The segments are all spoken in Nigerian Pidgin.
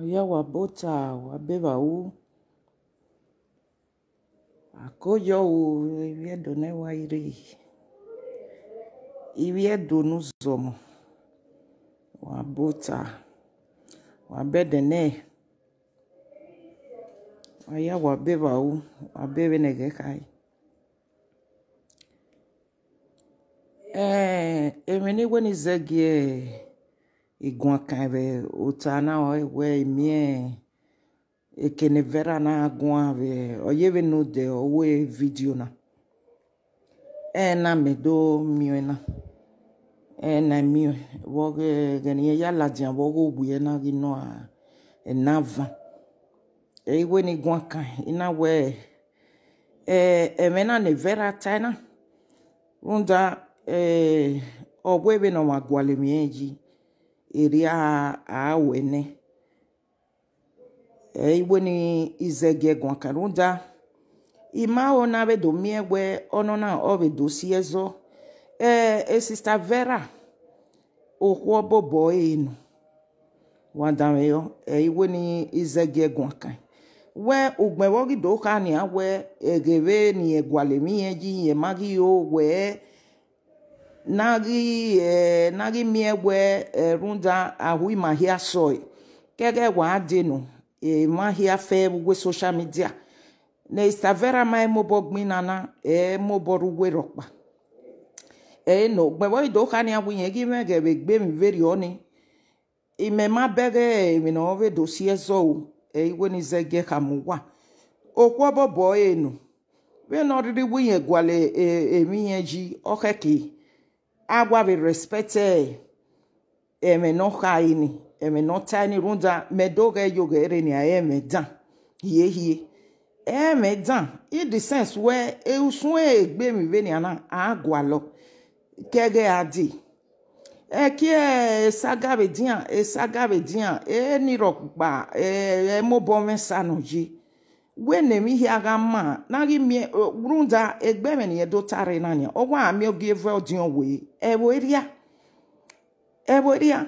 Ɔyɛ w'abota a wɔabeba wo, akɔnnwa a ewia do na wɔayera yie. Iwia do no zɔ mo, w'abota a wɔabɛdanee, ɔyɛ Bebe wo, w'abe benedekae. Eh, Ɛɛ emene w'ani zagie. igua kan be ota na owe mie ekene vera na agua be ye be no de owe video na ena me do mio na ena mio wo gani ya la dia wo go bu e na gi no a ena va e we ni gua kan ina we e e me na ne vera ta na runda e obwe be no magwale mie ji iria aawene iweni izege gwakaruda imao na bedo miegwe ono na obedo si ezo e eh, esista eh, vera okwo bobo enu wadameyo iweni izege gwakan we ugbewogido ka ni awe egebe ni egwalemie ji yemagi yo wee nari eh, nari miegwe eh, runda ahui mahia soy kere wa adinu e eh, fe ugwe social media ne istavera ma emobo gminana e mobo ruwe rokpa e no gbewo ido kani awunye gi mege be gbe mi veri oni ime ma bere mi no ve dosie zo o e eh, iwe ni zege kamuwa okwo bobo enu we no riri wunye gwale emi ye ji okeke okay, agua be respected eme eh, no high ni eme eh, no tiny runda me doge yoga ere ni eme eh, dan hie hie eme dan in the sense where eusun egbe mi be ni ana agua lo kege adi ekie esagabe dian esagabe dian eniro gba emobome sanu yi ihe wenemehiagha mma naghị mie runda egbemene edotari nanya ọgwa ami oge vodion wee eweria eweria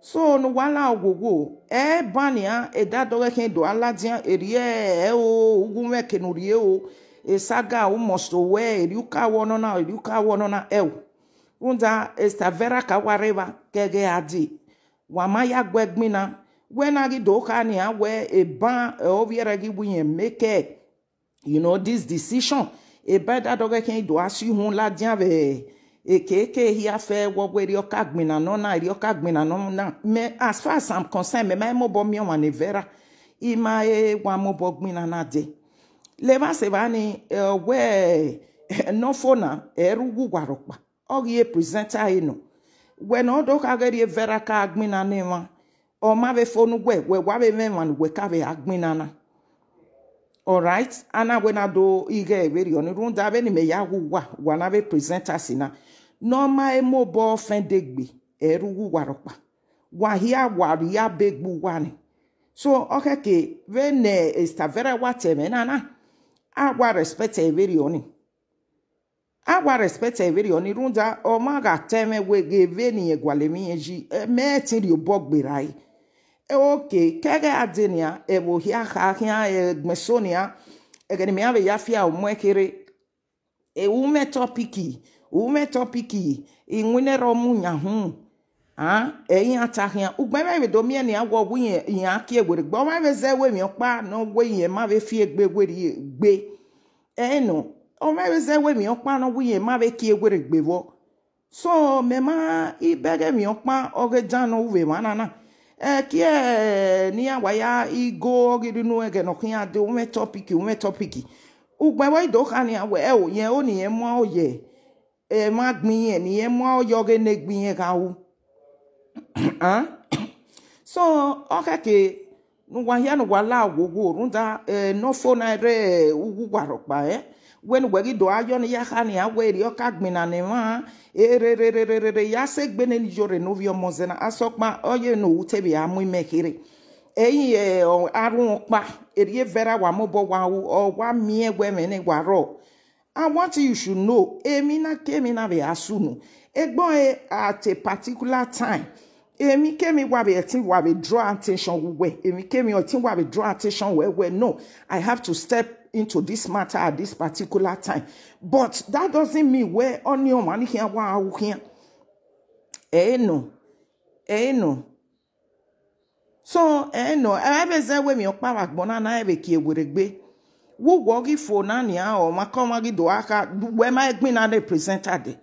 so nuwala ogwogwo ebania eh, ah, edadogheke eh, do aladian erie o ugwumwekenurie o esaga umosowe eriukawonona eriukawonona ewu runda estavera kawareba kege adi wamaya gwegbina wena gi do kani ah, a we e ban oviera gi buye make you know decision e ba da doge ken do asi hun la dian be e keke hi a fe wo we oka gbina no na ri oka gbina no na me as far as i'm concerned me mai mo bo mi wan evera i ma e wa mo bo gbina na de le ba se ba ni we no fona ah, eru wu gwaropa ogi e presenter ino eh, when odo ka gari evera eh, ka gbina ne wan ọma be fonu gwe gwe gwa be meman gwe ka be agbinana alright ana gwe na do ige eberi oni runda be ni me ya wuwa gwa na be presenter sina n'ọma emo bo fendegbe eru wuwa ropa gwa hia gwa ya begbu gwa ni so okeke ve ne estavera wateme nana agwa respect eberi oni agwa respect everi oni runda ọma ga teme we ge ve ni egwalemi eji e me etiri obo gberai e. oke kege adenia ebo hia ha hia e mesonia egeni me ave yafia o mwekere e ume topiki ume topiki inwine ro munya hu a eyin atahia ugbeme be do mie ni agwo wuye yin aki egwere gbo ma be ze we mi pa no gwe yin ma be fi egbe gwere gbe eno o ma be ze we mi pa no wuye e e, e, ma be ki egwere gbe wo so me ma ibege mi pa oge janu we manana ekie eh, ni ya waya igo nu ege no ume ume wa do ya we e, o yen o ni e yen mo e ma gbin ni yen mo oyo ge ne gbin yen ka wu so okake nu wa ya nu wa la wo wo runda eh, no fo na re eh, wen wɛri dɔ ayɔ ne yaxa ne awɔ eri ɔka gbina ne ma ererererere yase gbe ne lidzo re novi ɔmɔ zena asɔkpa ɔye no wu tebe amui mɛ kere eyi ɛ ɔ arun kpa erie vera wa mo bɔ wa ɔ wa mie wɛ mɛ ne wa rɔ i want you to know emi na kemi na be asu no egbɔn ye eh, at a particular time èmi kémi wà bẹ̀ ẹ̀tí wà bẹ̀ draw attention wẹ̀ èmi kémi ọ̀tí wà bẹ̀ draw attention wẹ̀ wẹ̀ no i have to step into this matter at this particular time. But that doesn't mean where on your money here, wow, here. Eh, no. Eh, no. So, eh, no. Eh, ebe ze we mi okpa wakbona na ebe ki eburegbe. Wo wogi fo na ni a o maka ma gi do aka we ma egbin na representer de.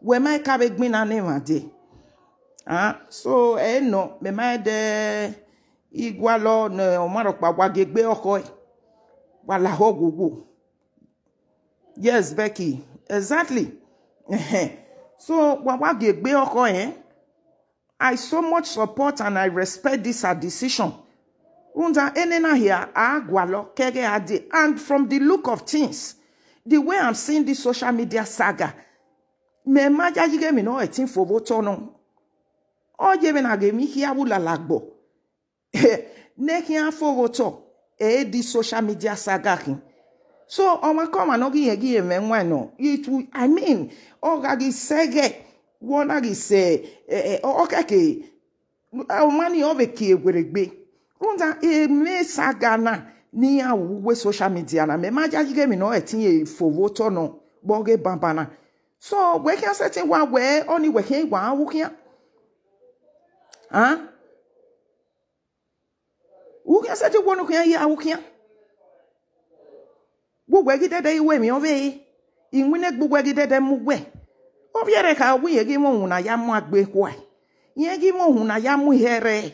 We ma e ka be egbin na ne ma de. Ah, so eh no, me ma e de igwalo na o marokpa gwagegbe oko e. walahogogo yes Becky exactly so wawa gègbé ọkọ yẹn I so much support and I respect this her decision Runda enena here agwalo kege ade and from the look of things the way I'm seeing this social media saga me maja yige mi no etin fowo tono oje me na ge mi hiawu lalagbo ne hian fowo to edi eh, social media saga so ọ kọma na ga ihe gị eme nwa nọ itu i mean ọ gaghị sege wọna gị se ọkeke ọmani ọbeke egweregbe rụda eme saga na n'ihe awuwe social media na mmemme aja jige mi na ọ etinye fowo tọnọ babana so wekịa setin wa wee ọ na iwekịa igwe woka sɛ te wɔ no kua yi a wokua wogwɛgi dɛdɛ yi wɛ mi ɔbɛ yi inwine gbogbɛgi dɛdɛ mu wɛ ɔbɛ rɛ ka wo yɛgi mo huna ya mo agbe kwa yɛgi mo huna ya mo hɛrɛ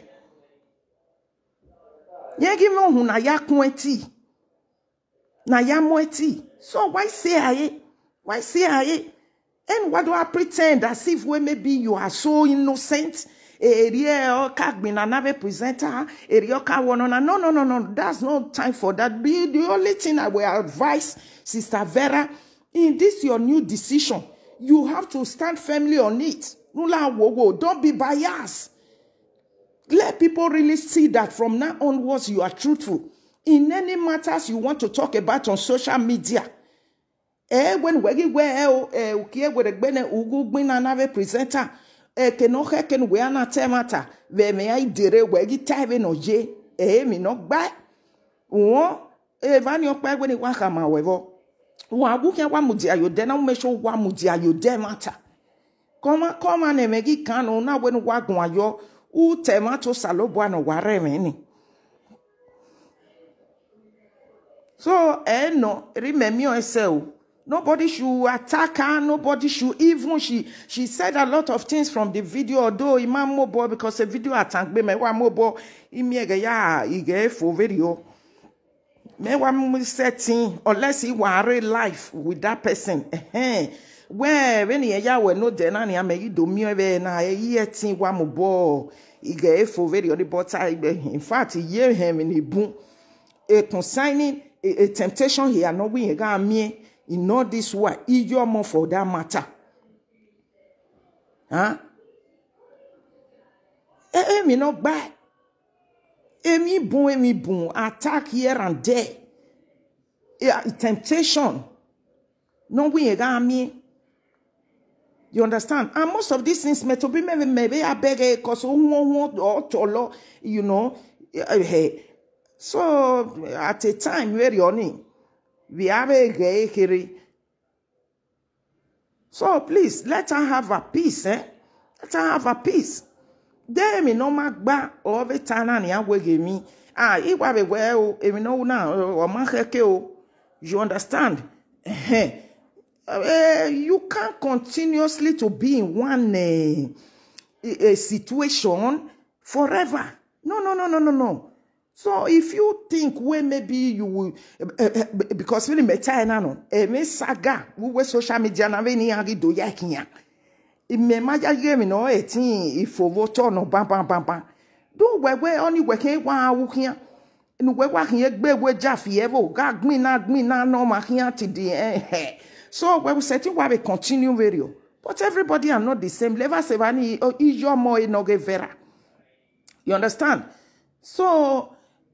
yɛgi mo huna ya kun eti na ya eti so why say aye why say aye and why do I pretend as if we maybe you are so innocent. Erie oka gbinanabe presenter. Erie oka wonona. No, no, no, no. That's no time for that. Be the only thing I will advise, Sister Vera, in this your new decision, you have to stand firmly on it. Don't be biased. Let people really see that from now onwards you are truthful. In any matters you want to talk about on social media, eh, when we get where eh, okay, where the ugugwin another presenter, ekeno heken wee na temata wee me ya idere wee gi taibe no ye emi no gba won evani okpa gbe ni wa ka ma wevo won abuke wa mu di ayode na me show wa mu di ayode mata koma koma ne me gi kanu na gbe ni wa gun ayo u temato salobo na wa re me ni so eh no ri me mi o ese o Nobody should attack her. Nobody should even. She she said a lot of things from the video. Although Imam Mobo, because the video attack me, Mewa Mobo, Imiege ya ige for video. Me Mewa setting unless he were life with that person. Where when he ya were no denani, I may do ebe na ye tin wa Mobo ige for video. The but in fact he hear him in a boom. A consigning a temptation here. No we got me in all this world, way, more for that matter. Huh? Èmi e, no buy. Èmi bun, èmi boom. attack here and there. Yeah, temptation. No we me. You understand? And most of these things, maybe maybe maybe I beg a cause or tolo, you know. hey. Eh, eh, so at a time where you're We have a Geikiri. So please, let her have a peace, eh? Let her have a peace. There, me no ba gba ove tana ni awege mi. Ah, it iwa be well. o, emi no na o ma keke o. You understand? Eh. Uh, you can't continuously to be in one uh, a situation forever. No, no, no, no, no, no so if you think wey maybe you will eh, eh, eh, because really me china no me saga we wuwe social media na we ni ari do ya kinya ime ma ya ye mi no etin ifowo to no bam bam bam bam do we we wewe oni weke wa awu kinya nu wewa kinya gbewe jafi evo ga gbin na gbin na no ma kinya ti di eh so we will setting we continue video but everybody are not the same leva sevani oh, ijo mo enoge vera you understand so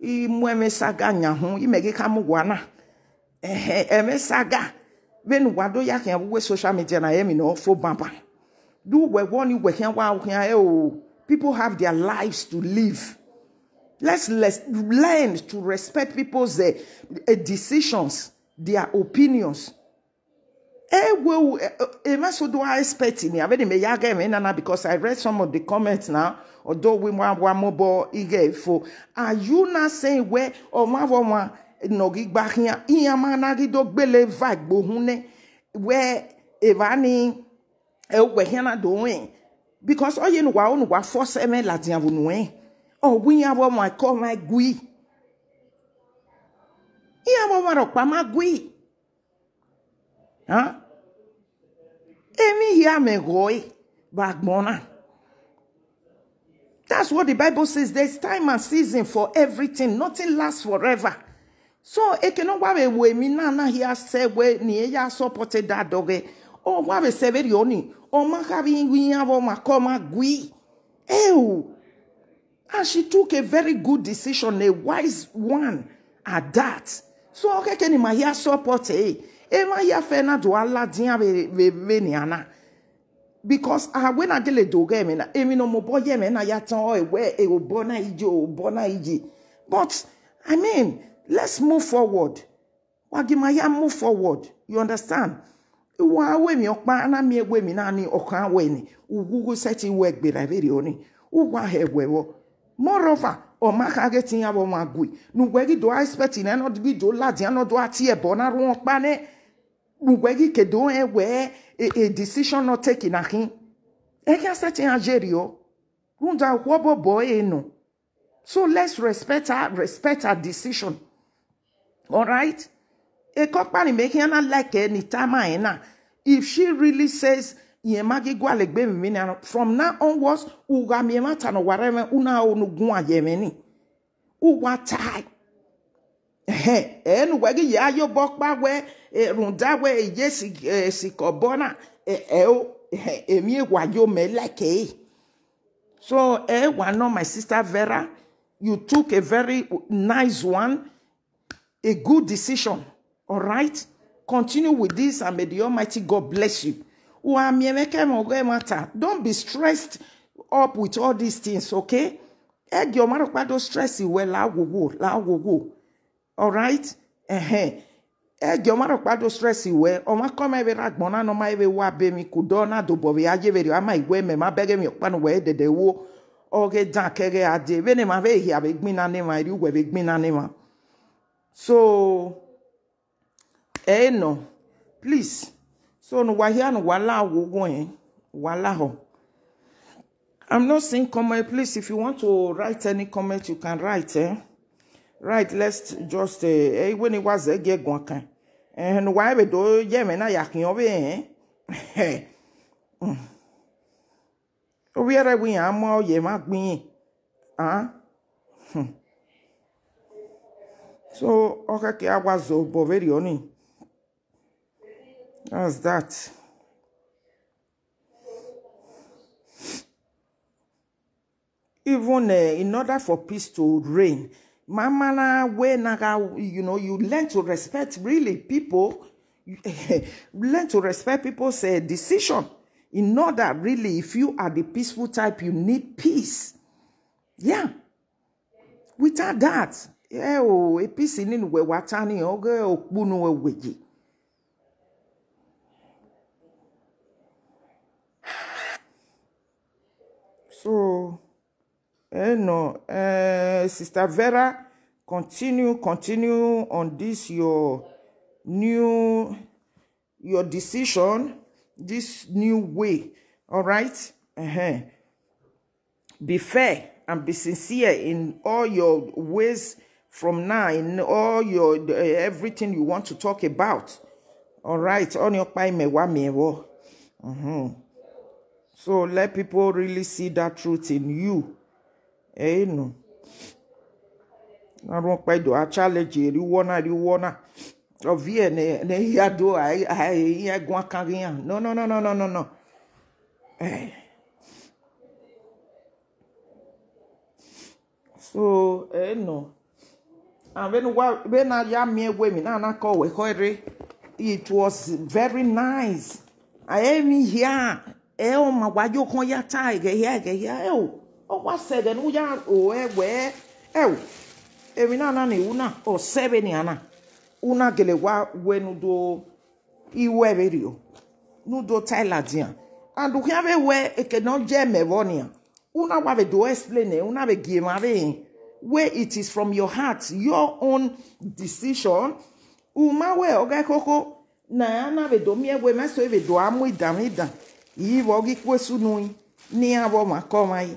imu emesaga nyahu imegika mugwana ehe emesaga benu wado ya kan we social media na emi no fo bamba do we woni we kan wa kan e o people have their lives to live let's let's learn to respect people's uh, decisions their opinions we ewe so do i expect me abedi me yaga me nana because i read some of the comments now we want odowe mwawa mobo ige ifo are you not saying where Or omawo wa nogi gbahia iyama nagido gbele vibe gbohune where evani ewe hiana doing because all you oye nuwa onuwa force eme latin avunue o wiyawo my call my gui iyawo wa ropa ma gui huh emi hiame goi bagbona That's what the Bible says. There's time and season for everything. Nothing lasts forever. So ekeno wawe we mina na here se we ni e ya supported that doge. Oh, O wawe severi oni. O ma kavi ingwinya wo makoma gui. Ew. And she took a very good decision, a wise one at that. So okay, can you hear support? Eh, Emma, ya fe na do Allah diya ve ve ni ana. because aha we na dele dogo eme na emi no mo boye eme na ya tan o ewe e obo na ije obo na ije but i mean let's move forward wagimaya move forward you understand iwo awe mi opa na mi egbe mi na ni okan awe ni ugugu seti we gbera bere oni ugu aha egbe wo moreover ọma ka getin ya bo ma gui nu gwe gi do expect na no do ladi na do ati e bo na ru ugwegi kedu onye wee a e decision not taken na him ega sati ajeri o runda wobo boy e so let's respect her respect her decision alright ekọkpani a company making her like any e time I na if she really says yemagi mi mimina from now onwards ụwa miemata no wareme una onu gun ayemeni ụwa tai ehe enu wegi ya yo bokpa we rundawe yesi eh, sikɔbɔna ɛwo eh, eh, emi wayo mɛ lɛkɛɛ so ɛwa nɔ my sister vera you took a very nice one a good decision all right continue with this and may the almighty god bless you wa miemeke mogo e mata don't be stressed up with all these things okay ẹ di ọmọ àrùpá tó stress ìwẹ làwòwò làwòwò all right. Uh -huh eje ọma rọkpa do stress wee ọma kọma ebe na gbọn na nọma ebe wa be mi kudo na do bọ be aje beri ama igwe me ma bege mi ọkpa no wee dede wo oge dan kege ade ebe ne ma be ehi abe gbin na ne ma eri ugwe be gbin na ne ma so ee no, please so no wa hia no wala awogun e wala ho I'm not saying comment. Please, if you want to write any comment, you can write. Eh? Right, let's just uh, when it was a get one kind. nu wa ebe do yeme na ya kin obe eh o bi ere gbin amo oye ma gbin ah hmm. so oka ke agwa zo very oni that's that even uh, in order for peace to reign Mama way naga, you know, you learn to respect really people. learn to respect people's uh, decision. In order, really, if you are the peaceful type, you need peace. Yeah. Without that, yeah. oh, a peace in wewatani oge okbunuwe weji. eh, no, uh, Sister Vera, continue, continue on this your new your decision, this new way. All right. Uh-huh. Be fair and be sincere in all your ways from now, in all your uh, everything you want to talk about. All right. On your me wa Mm-hmm. So let people really see that truth in you. enu a kpedo achaleji eriwo na riwo na ovie na ehi ado ihe gụ aka gị ya no no no no no no no eh. so enu be ah, na ya mi ewe mi na anaka owe hoere it was very nice i am here e eh, o oh, ya ta ege ya ege ya e eh, o oh. ɔwasɛ no woyɛ owɛ wɛɛ ɛwo ewina ana na ewu na ɔsɛbe ni ana una gele wa we nu do iwe be rio nu do thailandia andu kia be we eke no je mevonia una wa be do explain una be give ma where it is from your heart your own decision uma we oga koko na ana be do mie we meso be do amu idamida yi wo gi kwesu nu ni abo ma komai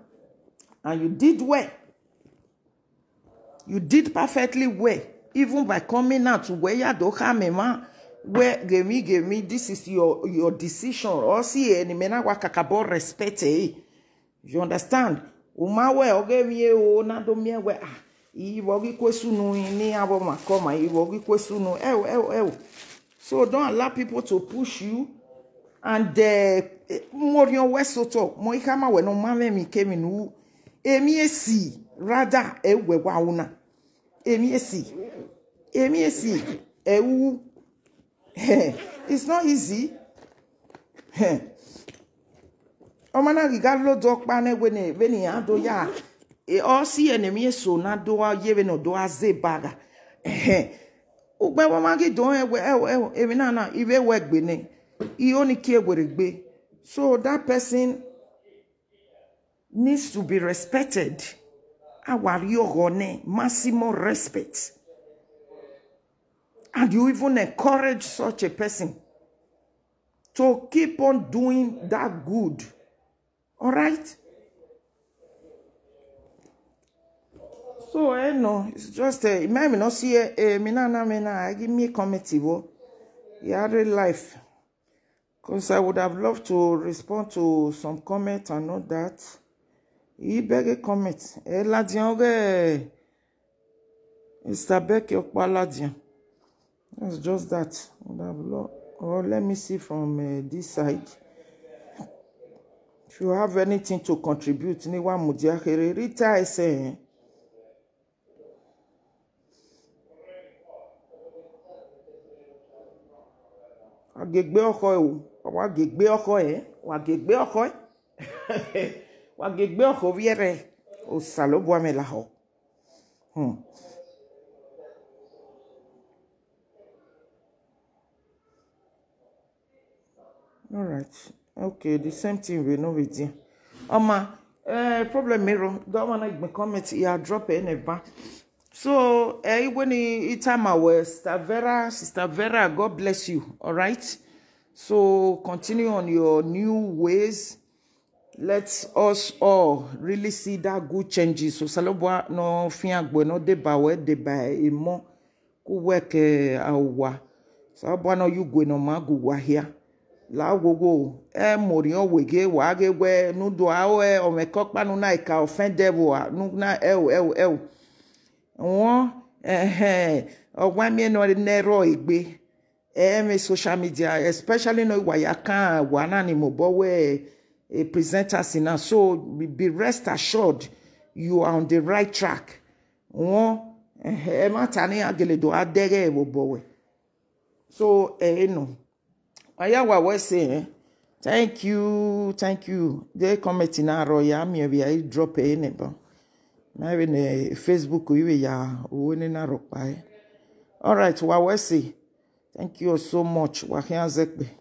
and you did well. You did perfectly well, even by coming out to where you don't have a where me, Gemi me. this is your your decision. Or see any mena wa kakabo respect eh. You understand? Umawe oge mi e o na do mi we ah. Iwo gi kwesunu ni abo makoma iwo gi kwesunu ewo ewo ewo. So don't allow people to push you and uh, eh, eh, more your west so to mo ikama we no mame mi kemi nu emiesi esi rada ewewa una emiesi emiesi emi esi ewu it's not easy oma na riga lo do pa ne we ne be a do ya e o si enemi eso na do wa ye be no do baga ugbe wa ma ki do ewe ewe emi na na ibe we gbe ni i oni ki egbere gbe so dat pesin. needs to be respected. Awari Ogone, maximum respect. And you even encourage such a person to keep on doing that good. All right? So, eh, no, it's just, eh, me not see, eh, eh me na na me na, I give me a committee, wo. Yeah, real life. Because I would have loved to respond to some comment and all that ibege comment eladian ọ̀rẹ́ mr beke opaladian It's just that Oh, let me see from uh, this side if you have anything to contribute ní wa mudiakere rita ẹsẹ yẹn. àgègbè ọkọ ẹ o wàá gègbè ọkọ ẹ wàá gègbè ọkọ ẹ. wagegbe ohoviere osalobuame la ho hmm. all right okay the same thing we know with you oma eh problem mero don't want to comment ya drop in a back so eh when it time our sister vera sister vera god bless you all right so continue on your new ways let us all really see that good changes so salobua no fin agbo no deba we deba emo ku work awa salobua no yugwe no magu wa here la gogo e mori o wege wa ge we nu do awo e o me kokpa nu na ika e ofen devil a nu na e o e o e o won eh eh ogwa mi e no ne ro igbe e, e me social media especially no wa ya kan wa na ni mo bo we a presenter sinna so be rest assured you are on the right track wọn ẹ má ta ní ageledo adẹrẹ ẹwọ bọwẹ so ẹ ẹ nù ayawa wẹsẹ ẹ thank you thank you de kọmẹtì náà rọ ya mi ẹbi ayi drop ẹ ní bọ mẹrin ní facebook ìwé ya owó ní náà rọ pa ẹ alright wa wẹsẹ thank you so much wàhíà zẹpẹ.